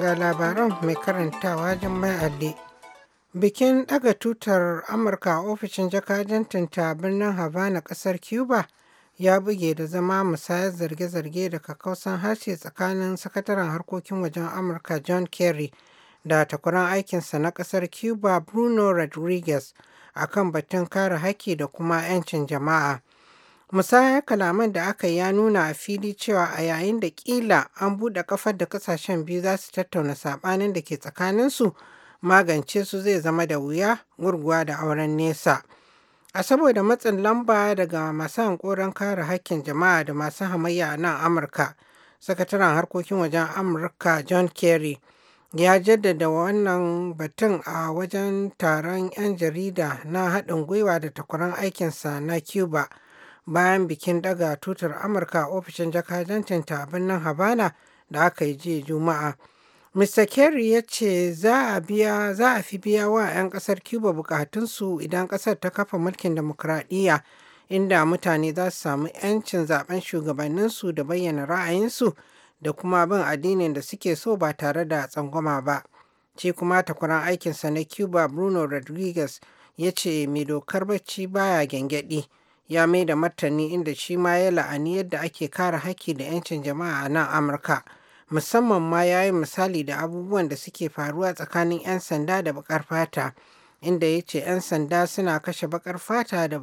ga labaran mai karantawa Jummai Alli, Bikin ɗaga tutar Amurka a ofishin jakadantin ta birnin Havana ƙasar Cuba ya buge da zama musayar zarge-zarge da kakausan harshe tsakanin sakataren harkokin wajen Amurka John Kerry da takwaran aikinsa na ƙasar Cuba Bruno Rodriguez akan batun kare haƙƙi da kuma 'yancin jama'a. musayar kalaman da aka ya nuna a fili cewa a yayin da kila an buɗe kafar da kasashen biyu za su tattauna saɓanin da ke tsakaninsu magance su zai zama da wuya gurguwa da auren nesa a saboda matsin lamba daga masu hankoron kare hakkin jama'a da masu hamayya a nan amurka sakataren harkokin wajen amurka john kerry ya jaddada wannan batun a wajen taron 'yan jarida na haɗin gwiwa da takwaran aikinsa na cuba bayan bikin daga tutar amurka a ofishin jakajancin ta a birnin habana da aka yi jiya juma'a mr kerry ya ce za a fi biya wa 'yan kasar cuba bukatunsu idan kasar ta kafa mulkin demokuraɗiyya inda mutane za su samu 'yancin zaben shugabanninsu da bayyana ra'ayinsu da kuma bin addinin da suke so ba tare da tsangwama ba ce kuma takwaran aikinsa na cuba bruno rodriguez ya ce mai dokar bacci baya gyangyaɗi ya mai da martani inda shi ma ya la'ani yadda ake kare haƙƙi da 'yancin jama'a a nan amurka musamman ma ya yi misali da abubuwan da suke faruwa tsakanin 'yan sanda da bakar fata inda ya ce 'yan sanda suna kashe bakar fata da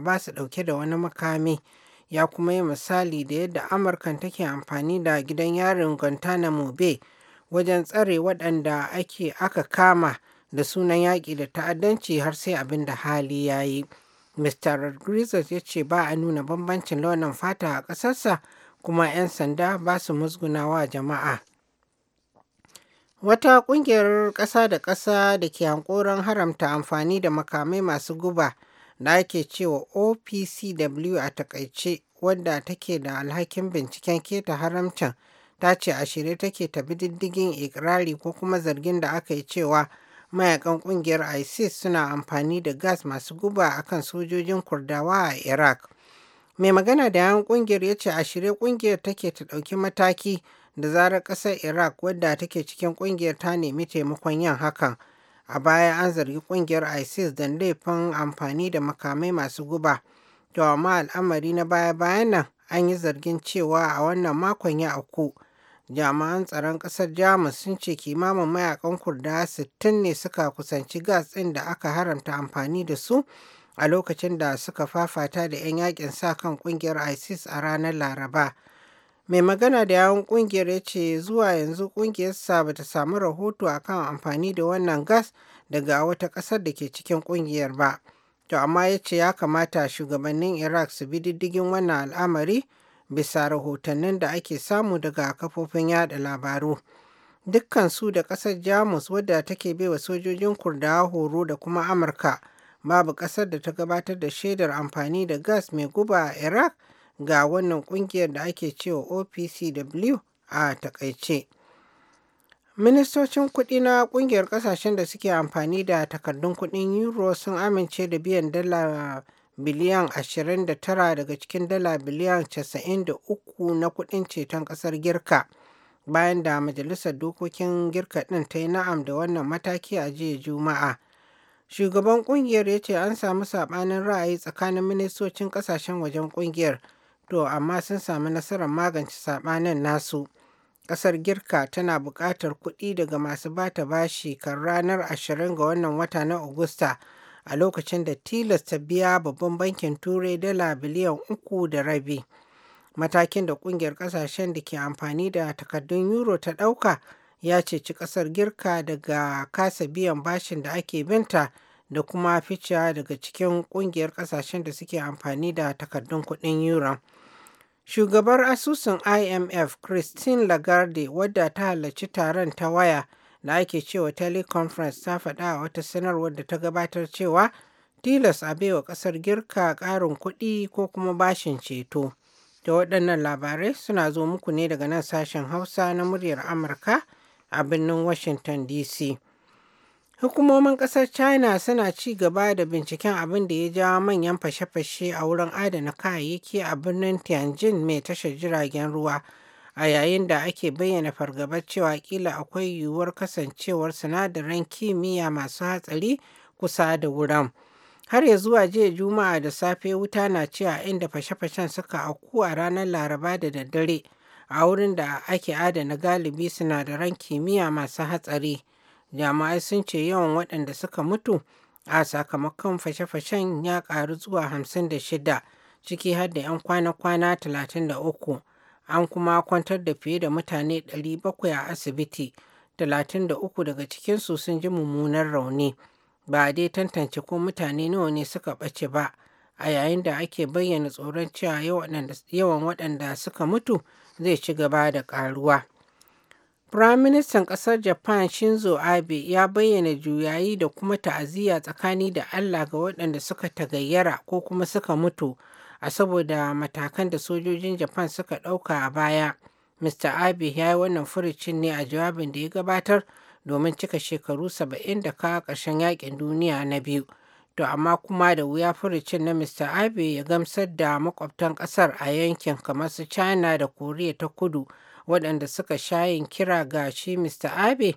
ba su ɗauke da wani makami ya kuma yi misali da yadda amurkan take amfani da gidan yarin guantanamo bay wajen tsare waɗanda ake aka kama da sunan yaƙi da ta'addanci har sai abin da hali ya yi. Mr. Rodriguez ya ce ba a nuna bambancin launin fata a ƙasarsa kuma 'yan sanda ba su musgunawa jama'a. Wata ƙungiyar ƙasa da ƙasa da ke hankoron haramta amfani da makamai masu guba da ake cewa OPCW a takaice wadda take da alhakin binciken keta haramcin ta ce a shirye take ta bi diddigin ikirari ko kuma zargin da aka yi cewa mayakan kungiyar isis suna amfani da gas masu guba akan sojojin kurdawa a iraq mai magana da yawan kungiyar ya ce a shirye kungiyar take ta ɗauki mataki da zarar ƙasar iraq wadda take cikin kungiyar ta nemi taimakon yin hakan a baya an zargi kungiyar isis da laifin amfani da makamai masu guba to amma al'amari na baya-bayan nan an yi zargin cewa a wannan makon ya auku jami'an tsaron kasar jamus sun ce kimamin mayakan kurda 60 ne suka kusanci gas ɗin da aka haramta amfani da su a lokacin da suka fafata da 'yan yakin sa kan kungiyar isis a ranar laraba mai magana da yawon kungiyar ya ce zuwa yanzu ƙungiyarsa ba ta samu rahoto akan amfani da wannan gas daga wata kasar da ke cikin kungiyar ba to amma ya ce ya kamata shugabannin iraq su bi diddigin wannan al'amari bisa rahotannin da ake samu daga kafofin yada labaru. Dukkan su da ƙasar Jamus wadda take baiwa sojojin kurda horo da kuma Amurka babu ƙasar da ta gabatar da shaidar amfani da gas mai guba a Iraq ga wannan ƙungiyar da ake cewa OPCW a takaice. Ministocin kuɗi na ƙungiyar ƙasashen da suke amfani da takardun kuɗin euro sun amince da biyan dala biliyan 29 daga cikin dala biliyan 93 na kudin ceton kasar Girka bayan da Majalisar Dokokin Girka ɗin ta yi na'am da wannan mataki a jiya Juma'a. Shugaban kungiyar ya ce an samu saɓanin ra'ayi tsakanin ministocin kasashen wajen kungiyar, to amma sun samu nasarar magance saɓanin nasu. Ƙasar Girka tana buƙatar kuɗi daga masu bata bashi kan ranar 20 ga wannan wata na Agusta. a lokacin da tilasta biya babban bankin turai dala biliyan uku da rabi matakin da kungiyar kasashen da ke amfani da takardun euro ta dauka ya ceci kasar girka daga kasa biyan bashin da ake binta da kuma fice daga cikin kungiyar kasashen da suke amfani da takardun kudin euro shugabar asusun imf christine lagarde wadda ta halarci taron ta waya da ake cewa teleconference ta faɗa a wata sanarwar da ta gabatar cewa tilas a baiwa ƙasar girka ƙarin kuɗi ko kuma bashin ceto da waɗannan labarai suna zo muku ne daga nan sashen hausa na muryar amurka a birnin washington dc hukumomin ƙasar china suna ci gaba da binciken abin da ya jawo manyan fashe-fashe a wurin adana kayayyaki a birnin tianjin mai tashar jiragen ruwa a yayin da ake bayyana fargabar cewa kila akwai yiwuwar kasancewar sinadaran kimiyya masu hatsari kusa da wurin. Har ya zuwa jiya Juma'a da safe wuta na cewa inda fashe-fashen suka auku a ranar Laraba da daddare a wurin da ake adana galibi sinadaran kimiyya masu hatsari. jama'ai sun ce yawan waɗanda suka mutu a sakamakon fashe-fashen ya ƙaru zuwa 56 ciki har da 'yan kwana-kwana 33. an kuma kwantar da fiye da mutane 700 a asibiti 33 daga cikinsu sun ji mummunan rauni ba a dai tantance ko mutane nawa ne suka ɓace ba a yayin da ake bayyana tsoron cewa yawan waɗanda suka mutu zai ci gaba da ƙaruwa. Firaministan ƙasar Japan Shinzo Abe ya bayyana juyayi da kuma ta'aziyya tsakani da Allah ga waɗanda suka tagayyara ko kuma suka mutu a saboda matakan da sojojin japan suka ɗauka a baya mr abe ya yi wannan furucin ne a jawabin da ya gabatar domin cika shekaru saba'in da ka ƙarshen yakin duniya na biyu to amma kuma da wuya furucin na mr abe ya gamsar da makwabtan ƙasar a yankin kamar su china da koriya ta kudu waɗanda suka shayin kira ga shi mr abe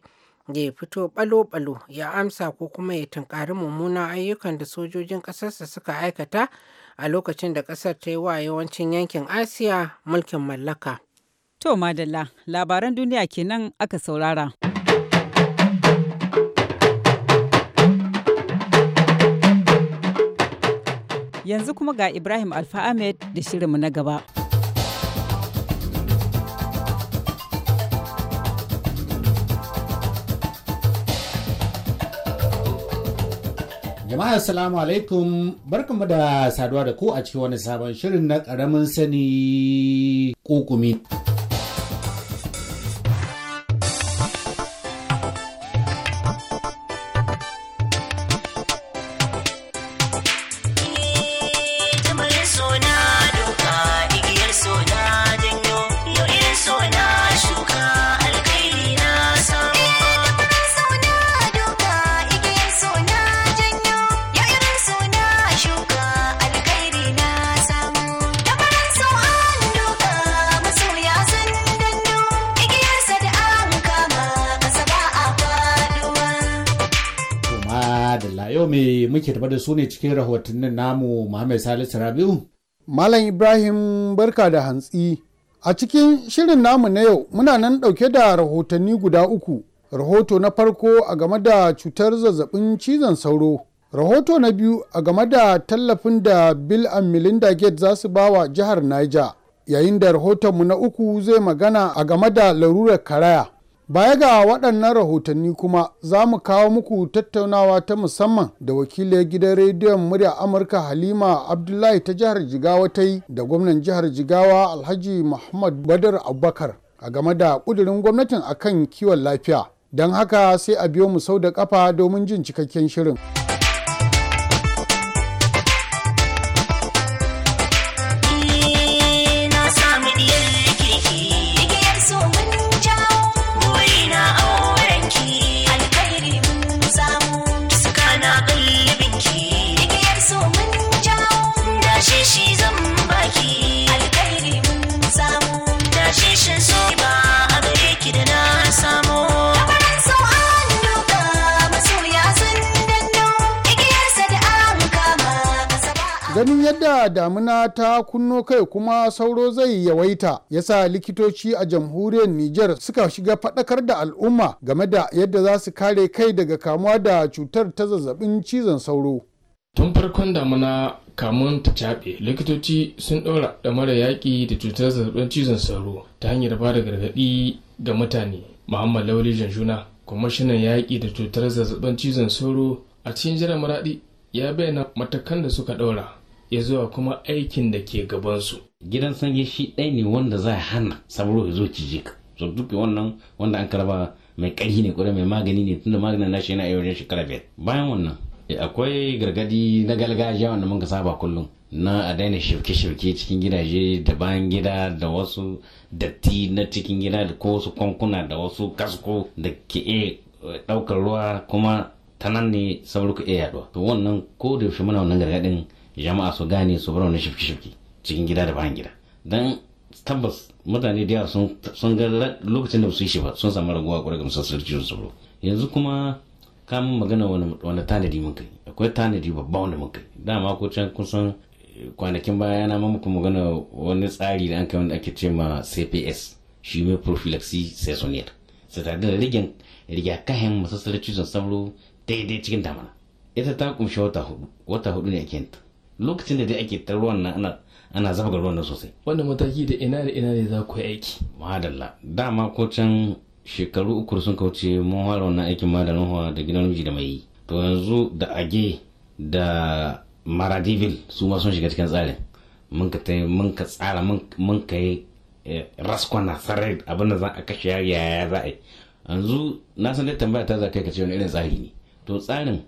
ya fito balo-balo ya amsa ko kuma ya tunkari mummunan ayyukan da sojojin ƙasarsa suka aikata a lokacin da ƙasar ta yi wa yawancin yankin Asiya mulkin mallaka. To Madalla, labaran duniya kenan aka saurara. Yanzu kuma ga Ibrahim Alfa Ahmed da shirinmu na gaba. Jama'a assalamu alaikum barkanmu da saduwa da ku a cikin wani sabon shirin na karamin sani ƙuƙumi. yau me muke tafa da su ne cikin rahotannin namu Muhammad Salisu Rabiu. Malam Ibrahim barka da hantsi. A cikin shirin namu na yau muna nan ɗauke da rahotanni guda uku. Rahoto na farko a game da cutar zazzabin cizon sauro. Rahoto na biyu a game da tallafin da Bill and Melinda Gates za su ba wa jihar Niger. Yayin da rahotonmu na uku zai magana a game da larurar karaya. Baya ga waɗannan rahotanni kuma za mu kawo muku tattaunawa ta musamman da wakilai gidan rediyon murya Amurka Halima Abdullahi ta jihar Jigawa ta yi da gwamnan jihar Jigawa Alhaji Muhammad Badar Abubakar a game da ƙudurin gwamnatin akan kiwon lafiya. Don haka sai a biyo mu sau da ƙafa domin jin cikakken shirin. da damina ta kunno kai kuma sauro zai yawaita ya sa likitoci a jamhuriyar Nijar suka shiga faɗakar da al'umma game da yadda za su kare kai daga kamuwa da cutar ta zazzabin cizon sauro. Tun farkon damuna kamun ta caɓe likitoci sun ɗaura mara yaƙi da cutar zazzabin cizon sauro ta hanyar ba da gargaɗi ga mutane. Muhammad Lauli Janjuna, kwamishinan yaƙi da cutar zazzabin cizon sauro a cikin jiran maraɗi ya bayyana matakan da suka ɗaura. ya zuwa kuma aikin da ke gabansu. Gidan sanyi shi ɗaya ne wanda za a hana sabro ya zo cije ka. So duk wannan wanda an karaba mai ƙarfi ne kuma mai magani ne tunda maganin nashi yana wajen shekara biyar. Bayan wannan eh, akwai gargadi na gargajiya wanda muka saba kullum na a daina shirke-shirke cikin gidaje da bayan gida da wasu datti na cikin gida da ko wasu kwankuna da wasu kasko da ke eh, ɗaukar ruwa kuma ta nan ne sauruka iya yaduwa to wannan ko da yaushe muna wannan gargadin jama'a su gane su bar wani shifki-shifki cikin gida da bayan gida dan tabbas mutane da yawa sun ga lokacin da su yi shi ba sun samu raguwa kwarai a musassar cizon sauro yanzu kuma kamun magana wani tanadi mun kai akwai tanadi babba wanda mun kai dama ko can kusan eh, kwanakin baya yana muku magana wani tsari da an kai wanda ake ce ma cps shi mai prophylaxis seasonier su tare da rigin rigakafin masassar cizon sauro daidai cikin damana ita ta kumshi wata hudu wata hudu ne a kenta lokacin da dai ake ta ruwan na ana ana zafa ruwan nan sosai wannan mataki da ina da ina ne za ku aiki madalla dama ko can shekaru uku sun kauce mun fara wannan aikin madalla ruwa da gidan miji da mai to yanzu da age da maradivil su ma sun shiga cikin tsarin mun ka mun ka tsara mun ka yi eh, raskwana sarai abin da za a kashe yaya za a yanzu na san dai tambaya ta za kai ka ce wani irin tsari ne to tsarin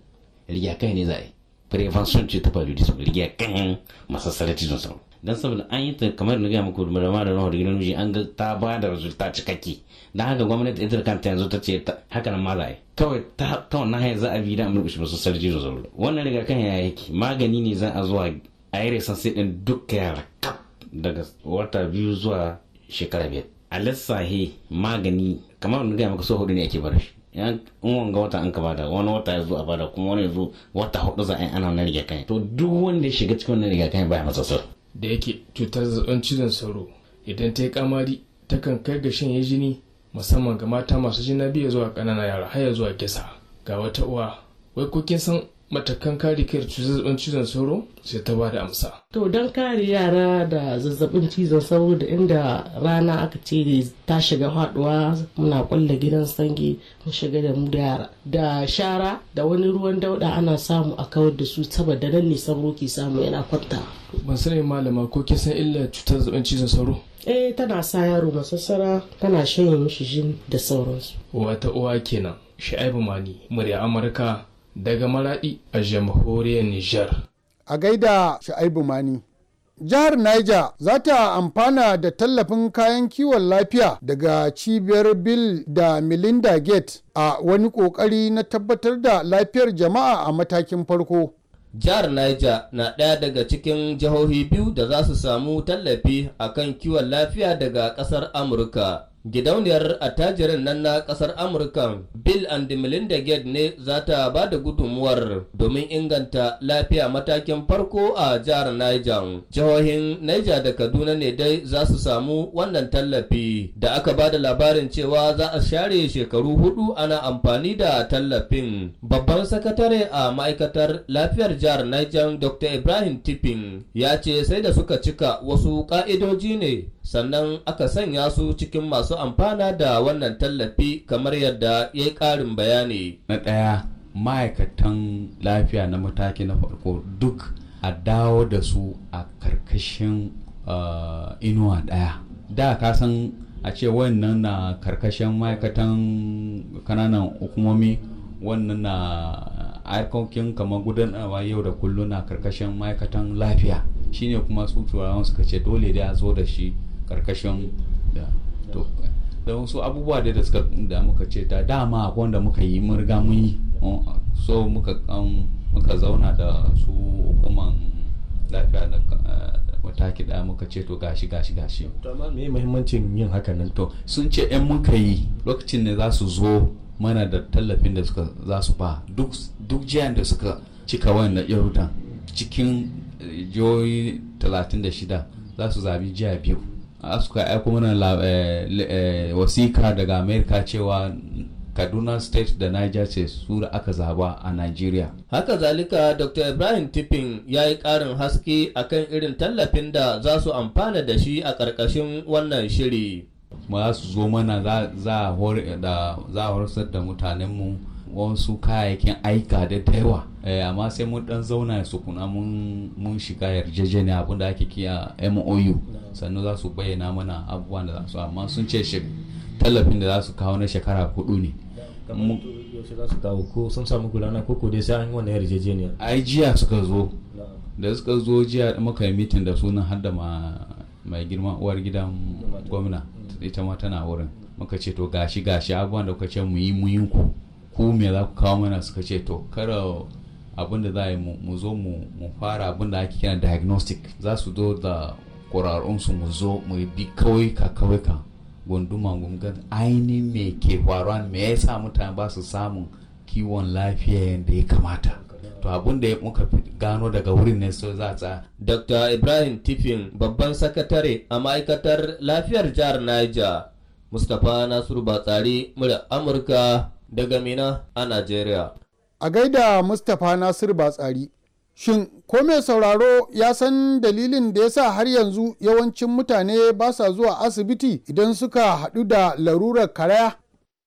kai ne za a yi prevention ce ta paludism ya kan masassaratism sau dan saboda an yi ta kamar na gaya muku da ma da nawa da gidan miji an ga ta ba da resulta cikakke dan haka gwamnati ita kanta yanzu ta ce haka nan ma za a yi kawai ta wannan hanyar za a bi da amurkushi masassaratism sau wannan riga kan ya yake magani ne za a zuwa a yi resansi din duka yara kap daga wata biyu zuwa shekara biyar a lissahi magani kamar na gaya maka so hudu ne ake bar shi in wanga wata an ka bada wani wata ya zo a bada kuma wani zo wata hudu za a yi ana riga kai to duk wanda ya shiga cikin riga kai baya masa sauro da yake cutar zazzabin cizon sauro idan ta yi kamari takan kai ga shan jini musamman ga mata masu jina biyu zuwa ƙananan yara har zuwa kisa ga wata uwa wai ko kin san matakan kare kai zazzabin cizon sauro sai ta ba da amsa. To don kare yara da zazzabin cizon sauro da inda rana aka ce ta shiga haduwa muna kulle gidan sange mun shiga da mu da yara. Da shara da wani ruwan dauda ana samu a kawar da su saboda nan ne sauro ke samu yana kwanta. Ban sani malama ko kin san illar cutar zazzabin cizon sauro? Eh tana sa yaro masassara tana shanye mishi jin da sauransu. Wata uwa kenan. Sha'ibu Mani, murya Amurka daga Maraɗi a jamhuriyar Nijar. A gaida Sha'aibu Mani. Jihar Niger za ta amfana da tallafin kayan kiwon lafiya daga cibiyar Bill da Melinda Gate a wani ƙoƙari na tabbatar da lafiyar jama'a a matakin farko. Jihar Niger na ɗaya daga cikin jihohi biyu da za su samu tallafi a kan kiwon lafiya daga ƙasar Amurka. gidauniyar attajirin nan na kasar amurka bill and melinda gates ne za ta ba da gudunmuwar domin inganta lafiya matakin farko a jihar niger jihohin niger da kaduna ne dai za su samu wannan tallafi da aka ba da labarin cewa za a share shekaru hudu ana amfani da tallafin babban sakatare a ma'aikatar lafiyar jihar niger dr ibrahim tipping ya ce sai da suka cika wasu ka'idoji ne sannan aka sanya su cikin masu amfana da wannan tallafi kamar yadda ya yi ƙarin bayani. Na ɗaya ma'aikatan lafiya na mataki na farko duk a dawo da su a karkashin eh, inuwa ɗaya. Da ka san a ce wannan na karkashin ma'aikatan kananan hukumomi wannan na harkokin kamar gudanarwa yau da kullum na karkashin ma'aikatan lafiya shine kuma su turawan suka ce dole da a zo da shi karkashin da to da wasu abubuwa da suka da muka ce ta dama wanda muka yi mun riga mun yi so muka um, muka zauna da su hukuman lafiya da eh, wata da muka ce to gashi gashi gashi to amma me muhimmancin yin haka nan to sun ce yan muka yi lokacin ne za su zo mana da tallafin da suka za su ba duk jiyan da suka cika wannan irutan cikin eh, jihohi 36 za su zabi jiya biyu suka aiko mana eh, eh, wasika daga amerika cewa kaduna state da niger ce su da aka zaba a nigeria haka zalika dr ibrahim tipping ya yi karin haske akan irin tallafin da za su amfana da shi a ƙarƙashin wannan shiri ma za su zo mana za a horsar da mutanenmu wasu kayayyakin aika da taiwa yawa eh, amma sai mun dan zauna su kuna mun shiga yarjejeniya abinda ake kiya MOU sannan za su bayyana mana abubuwan da za su amma sun ce tallafin da za su kawo na shekara hudu ne za su ko sun ko sai an yi wannan yarjejeniya jiya suka zo da suka zo jiya da muka yi mitin da sunan hada mai girma uwar gidan gwamna ita ma tana wurin muka ce to gashi gashi abubuwan da kuka ce mu yi muyinku. ku ku me za ku kawo mana suka ce to kara abin da za mu zo mu fara abin da ake kira diagnostic za su zo da su mu zo mu bi kawai ka gunduma gungan ainihin me ke faruwa me ya sa mutane ba su samun kiwon lafiya yadda ya kamata to abin da muka gano daga wurin ne so za ta. Dr. Ibrahim Tifin babban sakatare a ma'aikatar lafiyar jihar Niger Mustapha Nasiru Batsari murya Amurka daga Mina a Najeriya. A gaida Mustapha Nasir Batsari. Shin ko mai sauraro ya san dalilin da ya sa har yanzu yawancin mutane ba sa zuwa asibiti idan suka haɗu da larurar karaya?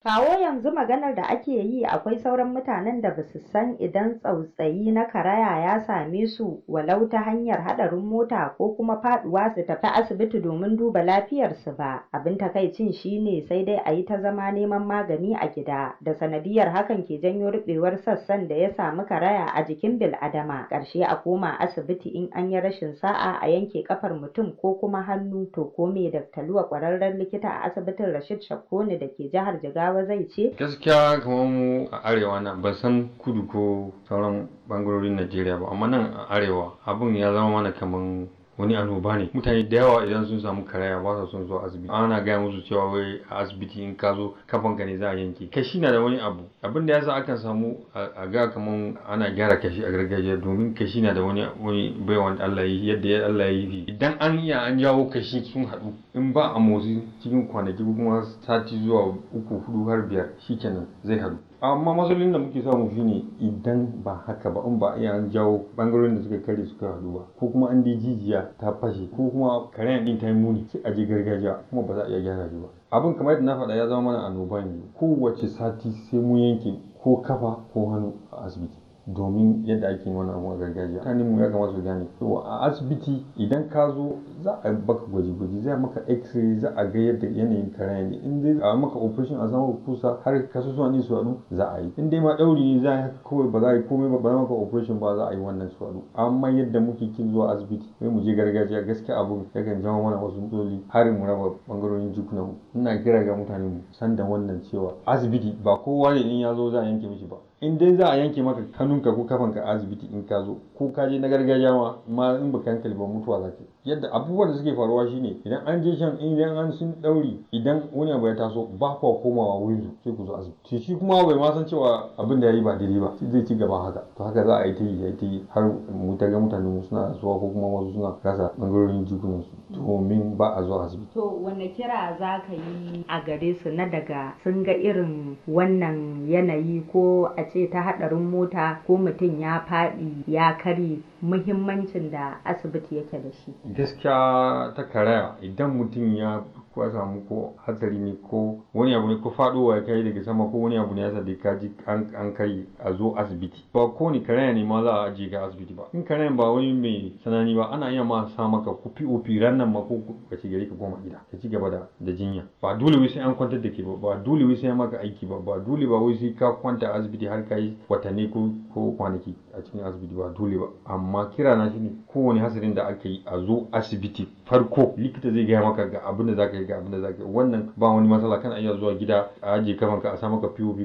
Kawo yanzu maganar da ake yi akwai sauran mutanen da ba su san idan tsautsayi na karaya ya same su walau ta hanyar haɗarin mota ko kuma faɗuwa su tafi asibiti domin duba lafiyar su ba. Abin takaicin shi ne sai dai a yi ta zama neman magani a gida, da sanadiyar hakan ke janyo ruɓewar sassan da ya samu karaya a jikin bil'adama, ƙarshe a koma asibiti in an yi rashin sa'a a yanke ƙafar mutum ko kuma hannu. To ko me dakta Luwa ƙwararren likita a asibitin Rashid Shakkwuni da ke jihar Jigawa ba zai ce gaskiya kamar mu a arewa na, ban san kudu ko sauran bangarorin najeriya ba amma nan a arewa abun ya zama mana kamar wani annoba ne mutane da yawa idan sun samu karaya ba sa son zuwa asibiti ana gaya musu cewa wai a asibiti in ka zo ka ne za a yanke kashi na da wani abu abin da yasa akan samu a ga kaman ana gyara kashi a gargajiya domin kashi na da wani wani baiwan Allah yi yadda ya Allah yi idan an iya an jawo kashi sun haɗu in ba a motsi cikin kwanaki kuma sati zuwa uku hudu har biyar shikenan zai haɗu amma matsalolin da muke samu shi ne. idan ba haka ba in ba iya an jawo bangarorin da suka kare suka haɗu ba ko kuma an dai jijiya ta fashe ko kuma karen din ta yi muni sai a je gargajiya kuma ba za a iya gyara shi ba abin kamar yadda na faɗa ya zama mana annoba ne kowace sati sai mun yanke ko kafa ko hannu a asibiti domin yadda ake wani abu a gargajiya mutanen mu ya kamata su gane to a asibiti idan ka zo za a baka gwaji-gwaji za a maka x-ray za a ga yadda yanayin kare ne in dai a maka operation a samu kusa har kasusuwan ne su haɗu za a yi in dai ma ɗauri ne za a yi kawai ba za a yi komai ba ba maka operation ba za a yi wannan su haɗu amma yadda muke kin zuwa asibiti sai mu je gargajiya gaskiya abun kan jawo mana wasu matsaloli har mu raba bangarorin mu. ina kira ga mutane mu san da wannan cewa asibiti ba kowa ne in ya zo za a yanke mishi ba in dai za a yanke maka kanunka ko kafanka a asibiti in ka zo ko ka je na gargajiya ma ma in baka yanka ba mutuwa zaka yadda abubuwan da suke faruwa shine idan an je shan idan an sun dauri idan wani abu ya taso ba kwa komawa wurin su sai ku zo asibiti shi kuma bai ma san cewa abin da yayi ba daidai ba zai ci gaba haka to haka za a yi ta yi ya ta yi har mu ta ga mutane mu suna zuwa ko kuma wasu suna rasa bangarorin jikunan su domin ba a zuwa asibiti to wanne kira za ka yi a gare su na daga sun ga irin wannan yanayi ko a matsala ce ta haɗarin mota ko mutum ya faɗi ya kare muhimmancin da asibiti yake da shi gaskiya ta karaya idan mutum ya ko a samu ko hatsari ne ko wani abu ne ko faduwa ya kai daga sama ko wani abu ne ya sa ka ji an kai a zo asibiti ba ko ni karaya ne ma za a ajiye ka asibiti ba in karayan ba wani mai sanani ba ana iya ma sa maka ku pop ran nan ma ko ka ci gari ka koma gida ka ci gaba da jinya ba dole wai sai an kwantar da ke ba ba dole wai sai maka aiki ba ba dole ba wai sai ka kwanta asibiti har kai watanni ko ko kwanaki a cikin asibiti ba dole ba amma kira na shine kowane hasarin da aka yi a zo asibiti farko likita zai gaya maka ga abin da zaka yi ga abin da zaka wannan ba wani matsala kana iya zuwa gida a ajiye kafan ka a sa maka POP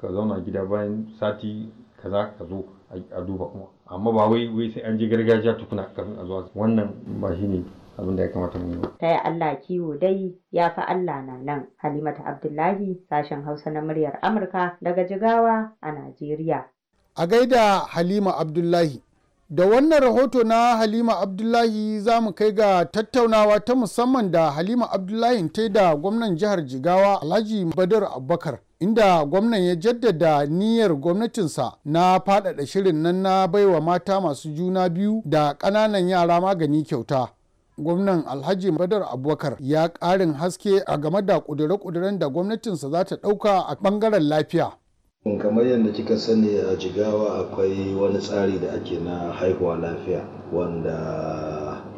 ka zauna gida bayan sati kaza ka zo a duba kuma amma ba wai wai sai an je gargajiya tukuna kafin a zuwa wannan ba ne abin da ya kamata mu yi ta Taya Allah kiwo dai ya fi Allah na nan. Halimatu Abdullahi sashen Hausa na muryar Amurka daga Jigawa a Najeriya. A gaida Halima Abdullahi da wannan rahoto na halima abdullahi za mu kai ga tattaunawa ta musamman da halima abdullahi ta da gwamnan jihar jigawa alhaji badar abubakar inda gwamnan ya jaddada niyyar gwamnatinsa na faɗaɗa shirin nan na baiwa mata masu juna biyu da ƙananan yara magani kyauta gwamnan alhaji badar abubakar ya ƙarin haske a game da kudure ƙuduren da gwamnatinsa za ta ɗauka a ɓangaren lafiya kamar yadda kika sani a jigawa akwai wani tsari da ake na haihuwa lafiya wanda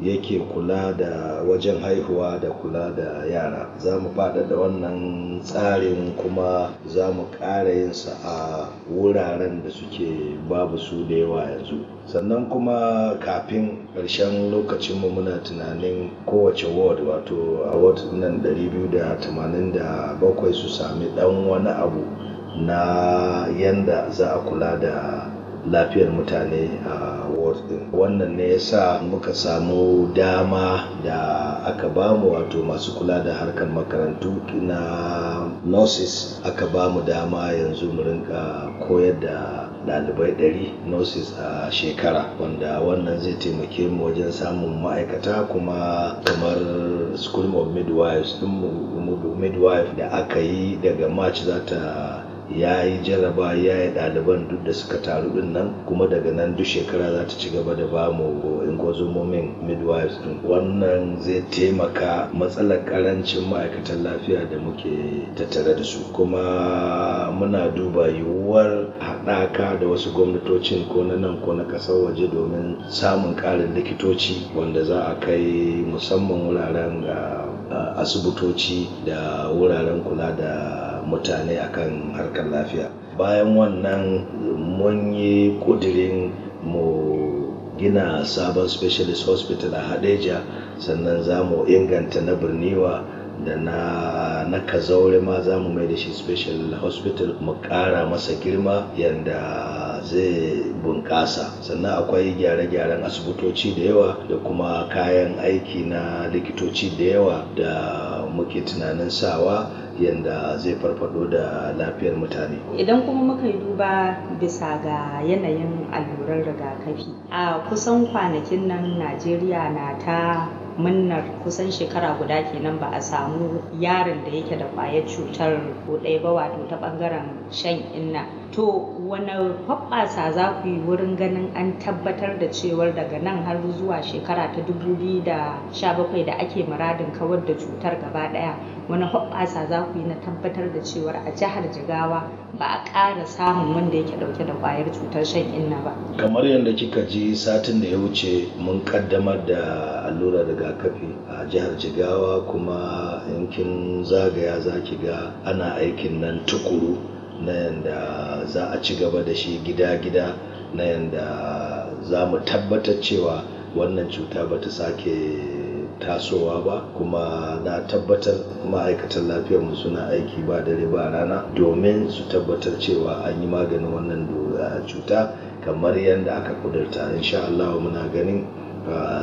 yake kula da wajen haihuwa da kula da yara za mu faɗaɗa wannan tsarin kuma za mu ƙara yin sa a wuraren da suke babu su da yawa yanzu sannan kuma kafin ƙarshen lokacinmu muna tunanin kowace ward wato a ward nan 287 su sami ɗan wani abu na yanda za a kula da lafiyar mutane a ward din wannan ne yasa muka samu dama da aka bamu wato masu kula da harkar makarantu na nurses aka bamu dama yanzu mu rinka koyar da ɗalibai ɗari nurses a shekara wanda wannan zai taimake mu wajen samun ma'aikata kuma kamar school of midwives din midwife da aka yi daga march za ta ya yi jaraba ya yi ɗaliban duk da suka taru din nan kuma daga nan duk shekara za ta ci gaba da ba mu ingozomomin midwives din wannan zai taimaka matsalar karancin ma'aikatan lafiya da muke tattare da su kuma muna duba yiwuwar haɗaka da wasu gwamnatocin ko na nan ko na ƙasar waje domin samun ƙarin likitoci wanda za a kai musamman wuraren ah, ah, asibitoci da wuraren kula da mutane akan harkar lafiya bayan wannan mun yi ƙudirin mu gina sabon specialist hospital a hadeja sannan za mu inganta na birniwa da na na kazaure ma za mu mai da shi special hospital mu ƙara masa girma yadda zai bunƙasa sannan akwai gyare-gyaren asibitoci da yawa da kuma kayan aiki na likitoci da yawa da muke tunanin sawa yadda zai farfado da lafiyar mutane idan kuma muka yi duba bisa ga yanayin allurar rigakafi a kusan kwanakin nan najeriya na ta munnar kusan shekara guda kenan ba a samu yaron da yake da kwayar cutar ko ɗaya ba wato ta ɓangaren shan inna to wani hoɓɓasa za ku yi wurin ganin an tabbatar da cewar daga nan har zuwa shekara ta 2017 da sha bakwai da ake muradin kawar da cutar gaba ɗaya wani hoɓɓasa za ku yi na tabbatar da cewar a jihar jigawa ba a ƙara samun wanda yake ɗauke da ƙwayar cutar shan inna ba kamar yadda kika ji satin da ya wuce mun ƙaddamar da allurar rigakafi a jihar jigawa kuma yankin zagaya za ki ga ana aikin nan tukuru na yadda za a ci gaba da shi gida-gida na yadda za mu tabbatar cewa wannan cuta ba ta sake tasowa ba kuma na tabbatar ma'aikatan mu suna aiki ba dare ba rana domin su tabbatar cewa an yi maganin wannan uh, cuta kamar yadda aka kudurta insha Allah muna ganin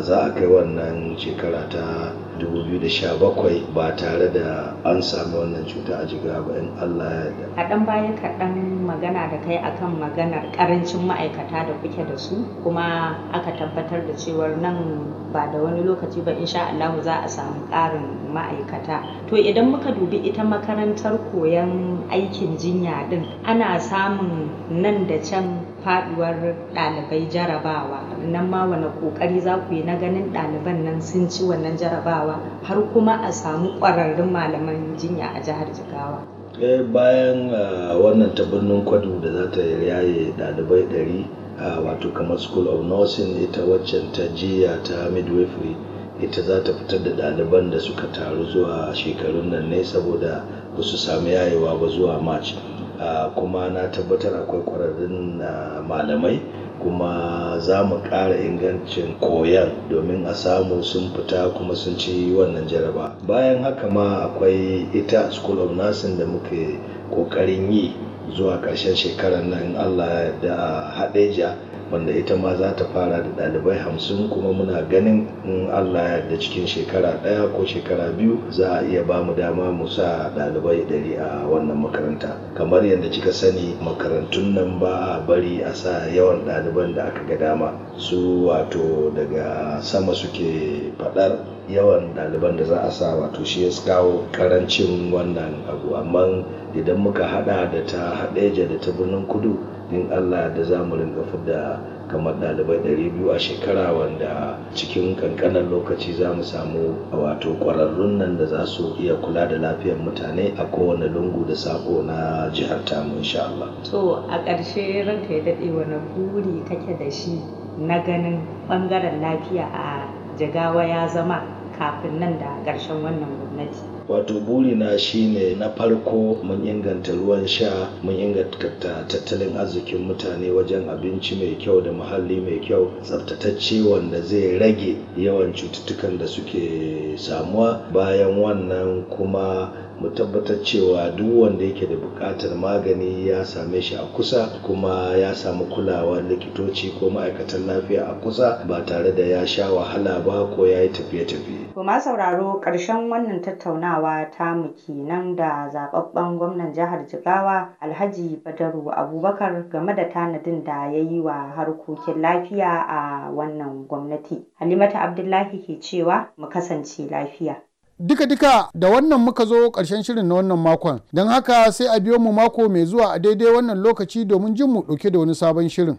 za a kai wannan shekara ta 2017 ba tare da an sami wannan cuta a jiga ba in Allah ya yarda. A ɗan baya kaɗan magana da kai akan maganar ƙarancin ma'aikata da kuke da su kuma aka tabbatar da cewar nan ba da wani lokaci ba insha Allahu za a samu ƙarin ma'aikata. To idan muka dubi ita makarantar koyon aikin jinya din ana samun nan da can faduwar ɗalibai jarabawa nan ma wani ƙoƙari za ku yi na ganin ɗaliban nan sun ci wannan jarabawa har kuma a samu ƙwararrun malaman jinya a jihar jigawa eh, bayan ah, wannan birnin kwadu da za ta yaye ɗalibai ɗari ah, wato kamar school of nursing ita waccan ta jiya ta midwifery ita za ta fitar da ɗaliban da suka taru zuwa shekarun nan ne saboda ba su sami yayewa ba zuwa march kuma na tabbatar akwai kwararrun malamai kuma za mu ƙara ingancin koyon domin a samu sun fita kuma sun ci wannan jaraba bayan haka ma akwai ita school of nursing da muke ƙoƙarin yi zuwa ƙarshen shekarar nan in allah da haɗeja wanda ita ma za ta fara da ɗalibai hamsin kuma muna ganin in allah yarda cikin shekara ɗaya ko shekara biyu za a iya ba mu dama mu sa ɗalibai ɗari a wannan makaranta kamar yadda kika sani makarantun nan ba a bari a sa yawan ɗaliban da aka ga dama su wato daga sama suke faɗar yawan ɗaliban da za a sa wato shi ya kawo ƙarancin wannan abu amma idan muka haɗa da ta haɗeja da ta birnin kudu in allah da za mu rinka fidda kamar ɗalibai ɗari biyu a shekara wanda cikin kankanin lokaci za mu samu wato ƙwararrun nan da za su iya kula da lafiyar mutane a kowane lungu da sako na jihar tamu insha Allah. to a ƙarshe ranka ya daɗe wani buri kake da shi na ganin ɓangaren lafiya a jigawa ya zama kafin nan da ƙarshen wannan gwamnati. Wato burina shi ne na farko mun inganta ruwan sha, mun inganta tattalin arzikin mutane wajen abinci mai kyau da muhalli mai kyau, tsaftatacce wanda zai rage yawan cututtukan da suke samuwa bayan wannan kuma mu tabbatar cewa duk wanda yake da buƙatar magani ya same shi a kusa kuma ya samu kulawar likitoci ko ma'aikatan lafiya a kusa ba tare da ya sha wahala ba ko ya yi tafiye-tafiye. Kuma sauraro ƙarshen wannan tattaunawa ta muke nan da zaɓaɓɓen gwamnan jihar Jigawa Alhaji Badaru Abubakar game da tanadin da ya yi wa harkokin lafiya a wannan gwamnati. Halimatu Abdullahi ke cewa mu kasance lafiya. duka-duka da wannan muka zo ƙarshen shirin na wannan makon don haka sai a biyo mu mako mai zuwa a daidai wannan lokaci domin jin mu ɗauke da wani sabon shirin.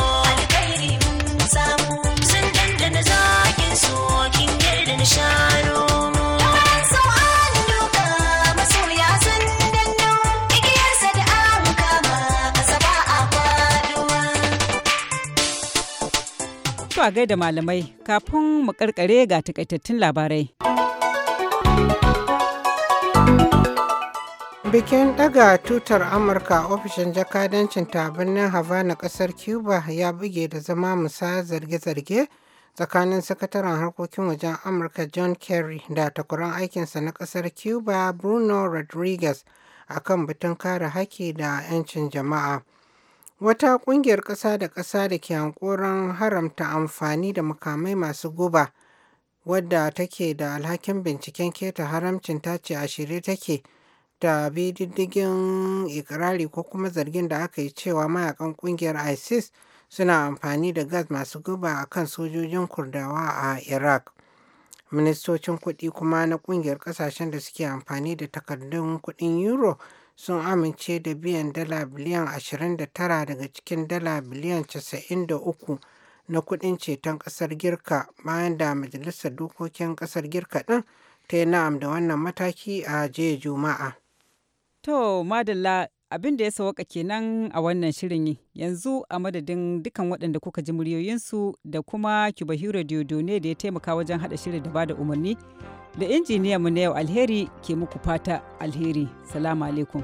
To a da malamai kafin mu karkare ga takaitattun labarai. Bikin daga tutar Amurka ofishin jakadancin ta birnin Havana kasar Cuba ya buge da zama musa zarge-zarge tsakanin sakataren harkokin wajen Amurka John Kerry da takwaran aikinsa na kasar Cuba Bruno Rodriguez akan batun kare haƙƙi da 'yancin jama'a. Wata ƙungiyar ƙasa da ƙasa da ke hankoron haramta amfani da makamai masu guba wadda take da alhakin binciken keta haramcin ta ce a shirye take da bi diddigin ikirari ko kuma zargin da aka yi cewa mayakan ƙungiyar isis suna amfani da gas masu guba a kan sojojin kurdawa a iraq ministocin kuɗi kuma na ƙungiyar ƙasashen da suke amfani da takardun kuɗin euro sun amince da biyan dala biliyan 29 daga cikin dala biliyan 93 na kudin ceton kasar girka bayan da majalisar dokokin kasar girka din ta yi na'am da wannan mataki a jiya juma'a to madalla abin da ya sawaka kenan a wannan shirin yanzu a madadin dukan waɗanda kuka ji muryoyinsu da kuma kibahiro diodone da ya taimaka wajen haɗa shirin da bada umarni da mu na yau alheri ke muku fata alheri salamu alaikum